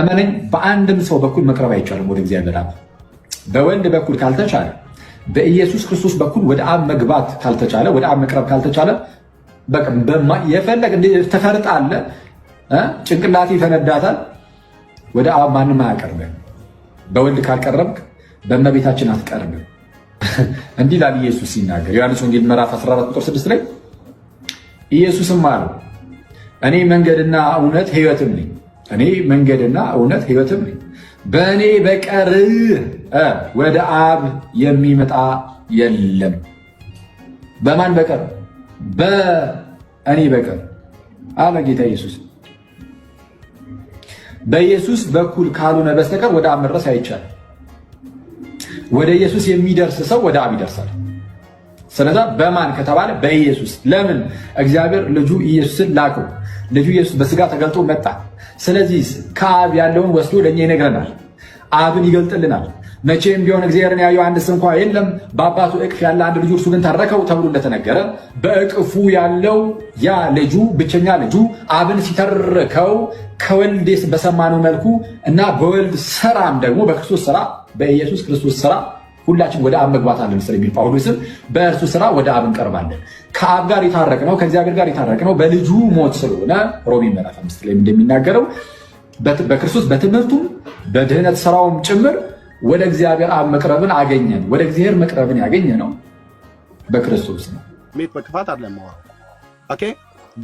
እመነኝ፣ በአንድም ሰው በኩል መቅረብ አይቻልም ወደ እግዚአብሔር አብ። በወንድ በኩል ካልተቻለ፣ በኢየሱስ ክርስቶስ በኩል ወደ አብ መግባት ካልተቻለ፣ ወደ አብ መቅረብ ካልተቻለ የፈለግ ተፈርጥ አለ ጭንቅላቴ ይፈነዳታል። ወደ አብ ማንም አያቀርብም። በወንድ ካልቀረብክ በእመቤታችን አትቀርብም። እንዲህ ላል ኢየሱስ ሲናገር ዮሐንስ ወንጌል ምዕራፍ 14 ቁጥር 6 ላይ ኢየሱስም አለው እኔ መንገድና እውነት ህይወትም ነኝ እኔ መንገድና እውነት ህይወትም ነኝ፣ በእኔ በቀር ወደ አብ የሚመጣ የለም። በማን በቀር? በእኔ በቀር አለ ጌታ ኢየሱስ። በኢየሱስ በኩል ካልሆነ በስተቀር ወደ አብ መድረስ አይቻልም። ወደ ኢየሱስ የሚደርስ ሰው ወደ አብ ይደርሳል። ስለዛ በማን ከተባለ በኢየሱስ። ለምን? እግዚአብሔር ልጁ ኢየሱስን ላከው። ልጁ ኢየሱስ በስጋ ተገልጦ መጣ። ስለዚህ ከአብ ያለውን ወስዶ ለእኛ ይነግረናል። አብን ይገልጥልናል። መቼም ቢሆን እግዚአብሔርን ያየው አንድ ስንኳ የለም፣ በአባቱ እቅፍ ያለ አንድ ልጁ እርሱ ግን ተረከው ተብሎ እንደተነገረ በእቅፉ ያለው ያ ልጁ ብቸኛ ልጁ አብን ሲተርከው ከወልድ በሰማነው መልኩ እና በወልድ ስራም ደግሞ በክርስቶስ ስራ በኢየሱስ ክርስቶስ ስራ ሁላችን ወደ አብ መግባት አንችልም የሚል ጳውሎስም በእርሱ ስራ ወደ አብ እንቀርባለን። ከአብ ጋር የታረቅነው ከእግዚአብሔር ጋር የታረቅነው በልጁ ሞት ስለሆነ ሮሜ ምዕራፍ አምስት ላይ እንደሚናገረው በክርስቶስ በትምህርቱም በድህነት ስራውም ጭምር ወደ እግዚአብሔር አብ መቅረብን አገኘን። ወደ እግዚአብሔር መቅረብን ያገኘ ነው በክርስቶስ ነው። ቤት በክፋት አለም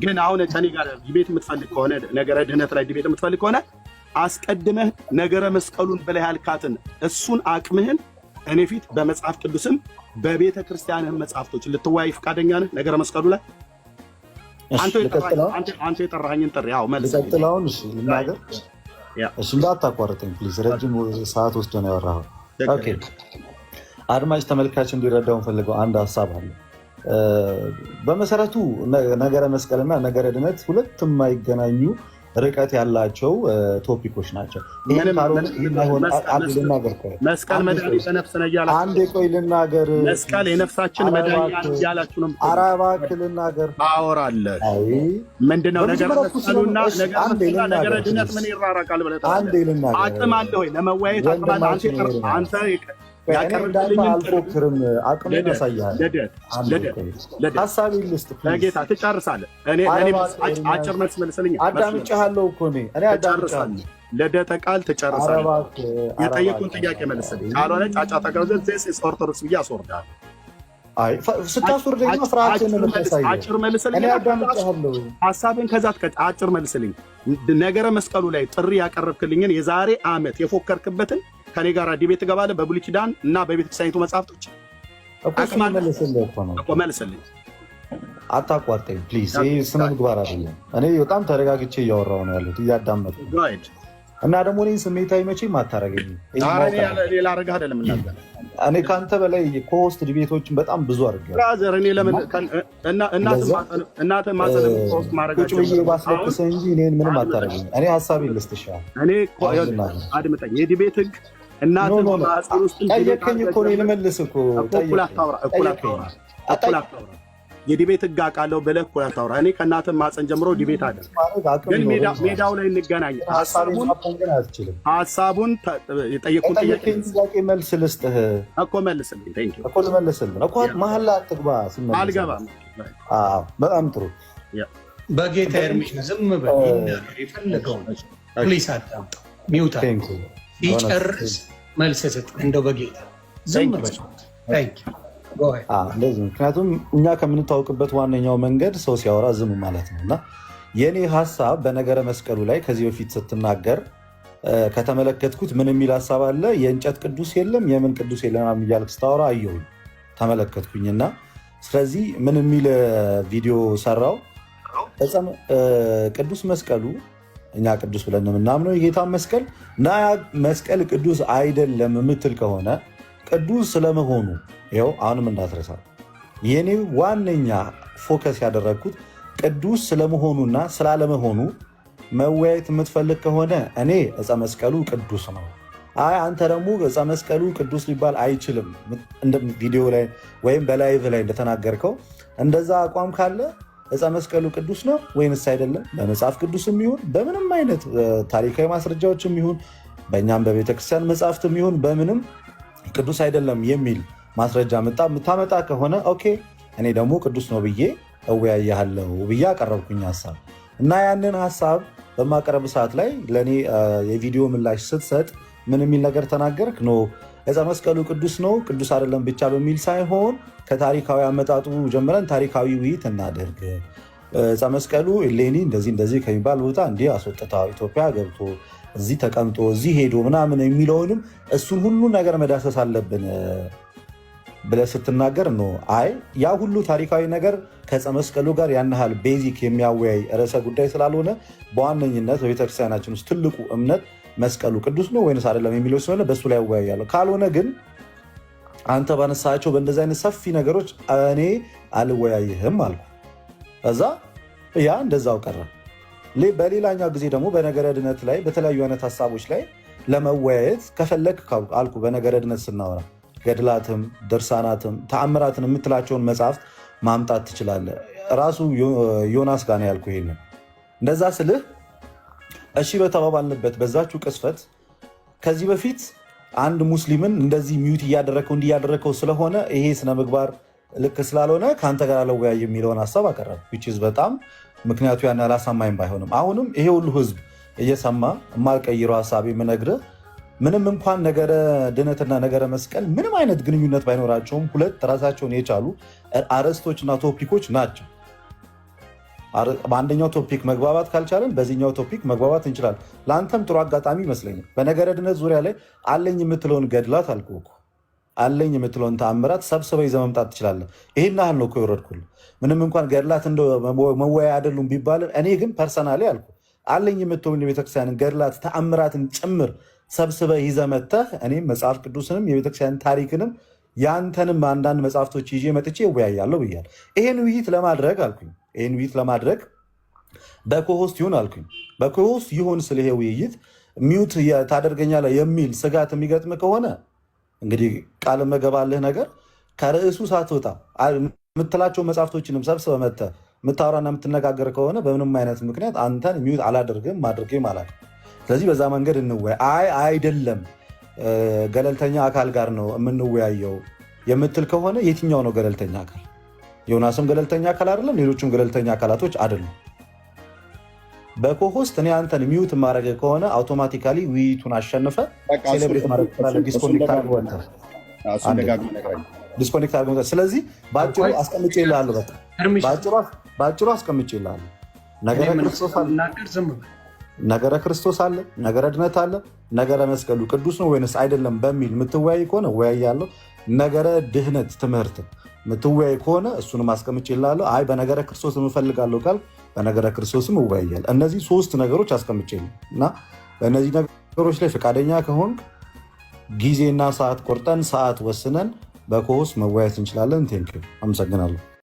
ግን አሁን ከኔ ጋር ዲቤት የምትፈልግ ከሆነ ነገረ ድህነት ላይ ዲቤት የምትፈልግ ከሆነ አስቀድመህ ነገረ መስቀሉን ብለህ ያልካትን እሱን አቅምህን እኔ ፊት በመጽሐፍ ቅዱስም በቤተ ክርስቲያንም መጽሐፍቶች ልትወያይ ፈቃደኛ ነህ? ነገረ መስቀሉ ላይ አንተ የጠራኸኝን ጥሪ ያው መልስ ቀጥላውን ልናገር። እሺ እንዳታቋርጠኝ ፕሊዝ፣ ረጅም ሰዓት ወስዶ ነው ያወራኸው። አድማጭ ተመልካች እንዲረዳው ፈልገው አንድ ሀሳብ አለ። በመሰረቱ ነገረ መስቀልና ነገረ ድነት ሁለት የማይገናኙ ርቀት ያላቸው ቶፒኮች ናቸው። መስቀል መድኃኒት ቆይ ልናገር። መስቀል የነፍሳችን መድኃኒት እያላችሁ ነው። ኧረ እባክህ ልናገር። ምንድን ነው መስቀሉና ነገረ ድነት ምን ይራራቃል ብለህ አቅም አለ ወይ ለመወያየት? አንተ አልፎክርም። አጭር መልስ ቃል ትጨርሳለህ። የጠየቁን ጥያቄ መልስልኝ። ካልሆነ ጫጫታ ኦርቶዶክስ ብዬ አስወርዳለሁ። አጭር መልስልኝ። ሀሳብን ከዛ አጭር መልስልኝ። ነገረ መስቀሉ ላይ ጥሪ ያቀረብክልኝን የዛሬ ዓመት የፎከርክበትን ከኔ ጋር ዲቤት ትገባለህ በብሉይ ኪዳን እና በቤተክርስቲያኒቱ መጽሐፍቶች መልስልኝ። አታቋርጠኝ ፕሊዝ። ይህ ስነ ምግባር አይደለም። እኔ በጣም ተረጋግቼ እያወራሁ ነው ያለሁት እያዳመጡ እና ደግሞ እኔ ስሜታዊ መቼ ማታረገኝ ሌላ ረጋ አይደለም። እኔ ከአንተ በላይ ኮስት ዲቤቶችን በጣም ብዙ አድርጌያለሁ። እኔ እንጂ ምንም አታረገኝ። እኔ ሀሳቤ ልስጥ እኔ አድምጠኝ። የዲቤት ህግ እናት ማህፀን ውስጥ ጠየቅኝ እኮ የዲቤት ህግ አውቃለሁ ብለህ እኩል አታውራ እኔ ከእናትህ ማህፀን ጀምሮ ዲቤት አለ ግን ሜዳው ላይ እንገናኝ ሀሳቡን የጠየቅኩን ጥያቄ መልስ ልስጥህ እኮ መልስልኝ እኮ ልመልስልህ እኮ መሀላ አትግባ አልገባም በጣም ጥሩ በጌታ ኤርሚያስ ዝም በል የፈለገውን ፕሊስ አዳምጠው ሚውታ ቢጨርስ መልስ ስጥ። እንደው በጌታ ምክንያቱም እኛ ከምንታወቅበት ዋነኛው መንገድ ሰው ሲያወራ ዝም ማለት ነው እና የእኔ ሀሳብ በነገረ መስቀሉ ላይ ከዚህ በፊት ስትናገር ከተመለከትኩት ምን የሚል ሀሳብ አለ? የእንጨት ቅዱስ የለም የምን ቅዱስ የለም እያልክ ስታወራ አየሁኝ ተመለከትኩኝና፣ ስለዚህ ምን የሚል ቪዲዮ ሰራው ቅዱስ መስቀሉ እኛ ቅዱስ ብለን ነው የምናምነው። የጌታ መስቀል ና መስቀል ቅዱስ አይደለም የምትል ከሆነ ቅዱስ ስለመሆኑ ይኸው አሁንም እንዳትረሳ። የኔ ዋነኛ ፎከስ ያደረግኩት ቅዱስ ስለመሆኑና ስላለመሆኑ መወያየት የምትፈልግ ከሆነ እኔ እፀ መስቀሉ ቅዱስ ነው፣ አይ አንተ ደግሞ እፀ መስቀሉ ቅዱስ ሊባል አይችልም ቪዲዮ ላይ ወይም በላይቭ ላይ እንደተናገርከው እንደዛ አቋም ካለ ዕፀ መስቀሉ ቅዱስ ነው ወይንስ አይደለም? በመጽሐፍ ቅዱስ የሚሆን በምንም አይነት ታሪካዊ ማስረጃዎች የሚሆን በእኛም በቤተክርስቲያን መጽሐፍት የሚሆን በምንም ቅዱስ አይደለም የሚል ማስረጃ የምታመጣ ከሆነ ኦኬ፣ እኔ ደግሞ ቅዱስ ነው ብዬ እወያያለሁ ብዬ አቀረብኩኝ ሀሳብ እና ያንን ሀሳብ በማቀረብ ሰዓት ላይ ለእኔ የቪዲዮ ምላሽ ስትሰጥ ምን የሚል ነገር ተናገርክ ነው ከዛ መስቀሉ ቅዱስ ነው ቅዱስ አይደለም ብቻ በሚል ሳይሆን ከታሪካዊ አመጣጡ ጀምረን ታሪካዊ ውይይት እናደርግ። እዛ መስቀሉ ሌኒ እንደዚህ እንደዚህ ከሚባል ቦታ እንዲህ አስወጥታ ኢትዮጵያ ገብቶ እዚህ ተቀምጦ እዚህ ሄዶ ምናምን የሚለውንም እሱን ሁሉ ነገር መዳሰስ አለብን ብለህ ስትናገር ነው። አይ ያ ሁሉ ታሪካዊ ነገር ከዕፀ መስቀሉ ጋር ያን ያህል ቤዚክ የሚያወያይ ርዕሰ ጉዳይ ስላልሆነ በዋነኝነት በቤተክርስቲያናችን ውስጥ ትልቁ እምነት መስቀሉ ቅዱስ ነው ወይንስ አይደለም የሚለው ስለሆነ በእሱ ላይ ያወያያለሁ። ካልሆነ ግን አንተ ባነሳቸው በእንደዚህ አይነት ሰፊ ነገሮች እኔ አልወያይህም አልኩ። እዛ ያ እንደዛው ቀረ። በሌላኛው ጊዜ ደግሞ በነገረ ድነት ላይ በተለያዩ አይነት ሀሳቦች ላይ ለመወያየት ከፈለግ አልኩ። በነገረ ድነት ስናወራ ገድላትም ድርሳናትም ተአምራትን የምትላቸውን መጽሐፍት ማምጣት ትችላለህ። ራሱ ዮናስ ጋር ነው ያልኩ። ይሄንን እንደዛ ስልህ እሺ በተባባልንበት በዛችሁ ቅስፈት ከዚህ በፊት አንድ ሙስሊምን እንደዚህ ሚዩት እያደረከው እንዲህ እያደረከው ስለሆነ ይሄ ስነ ምግባር ልክ ስላልሆነ ከአንተ ጋር አልወያይም የሚለውን ሀሳብ አቀረብ። በጣም ምክንያቱ ያን አላሳማኝም ባይሆንም አሁንም ይሄ ሁሉ ህዝብ እየሰማ የማልቀይረው ሀሳብ የምነግርህ ምንም እንኳን ነገረ ድነትና ነገረ መስቀል ምንም አይነት ግንኙነት ባይኖራቸውም ሁለት ራሳቸውን የቻሉ አርዕስቶችና ቶፒኮች ናቸው። በአንደኛው ቶፒክ መግባባት ካልቻለን በዚህኛው ቶፒክ መግባባት እንችላለን። ለአንተም ጥሩ አጋጣሚ ይመስለኛል። በነገረ ድነት ዙሪያ ላይ አለኝ የምትለውን ገድላት አልኩህ እኮ አለኝ የምትለውን ተአምራት ሰብስበ ይዘ መምጣት ትችላለህ። ይህን ያህል ነው እኮ ምንም እንኳን ገድላት እንደ መወያ አይደሉም ቢባልን እኔ ግን ፐርሰናሊ አልኩ አለኝ የምትሆን የቤተክርስቲያንን ገድላት ተአምራትን ጭምር ሰብስበ ይዘ መተህ እኔም መጽሐፍ ቅዱስንም የቤተክርስቲያን ታሪክንም ያንተንም አንዳንድ መጽሐፍቶች ይዤ መጥቼ እወያያለሁ ብያለሁ። ይሄን ውይይት ለማድረግ አልኩኝ ይህን ውይይት ለማድረግ በኮሆስት ይሁን አልኩኝ። በኮሆስት ይሁን ስለ ይሄ ውይይት ሚዩት ታደርገኛለህ የሚል ስጋት የሚገጥም ከሆነ እንግዲህ ቃል መገባልህ ነገር ከርዕሱ ሳትወጣ የምትላቸው መጽሐፍቶችንም ሰብስበ መተ የምታወራና የምትነጋገር ከሆነ በምንም አይነት ምክንያት አንተን ሚዩት አላደርግም አድርጌም አላልኩም። ስለዚህ በዛ መንገድ እንወያ። አይ አይደለም ገለልተኛ አካል ጋር ነው የምንወያየው የምትል ከሆነ የትኛው ነው ገለልተኛ አካል? ዮናስም ገለልተኛ አካል አይደለም፣ ሌሎችም ገለልተኛ አካላቶች አይደሉም። በኮሆስት እኔ አንተን ሚዩት ማድረግ ከሆነ አውቶማቲካሊ ውይይቱን አሸንፈ ሴሌብሬት ማድረግ ትችላለህ። ዲስኮኔክት አድርገህ ስለዚህ በአጭሩ አስቀምጭ ይላሉ። በቃ በአጭሩ አስቀምጬ ይልሃለሁ። ነገረ ነገረ ክርስቶስ አለ፣ ነገረ ድነት አለ፣ ነገረ መስቀሉ ቅዱስ ነው ወይንስ አይደለም በሚል የምትወያይ ከሆነ እወያያለሁ። ነገረ ድህነት ትምህርት ምትወያይ ከሆነ እሱን አስቀምጭ ይላለሁ። አይ በነገረ ክርስቶስ የምፈልጋለሁ ቃል በነገረ ክርስቶስም እወያያል። እነዚህ ሶስት ነገሮች አስቀምጭ እና በእነዚህ ነገሮች ላይ ፈቃደኛ ከሆን ጊዜና ሰዓት ቆርጠን ሰዓት ወስነን በኮስ መወያየት እንችላለን። ቴንክ አመሰግናለሁ።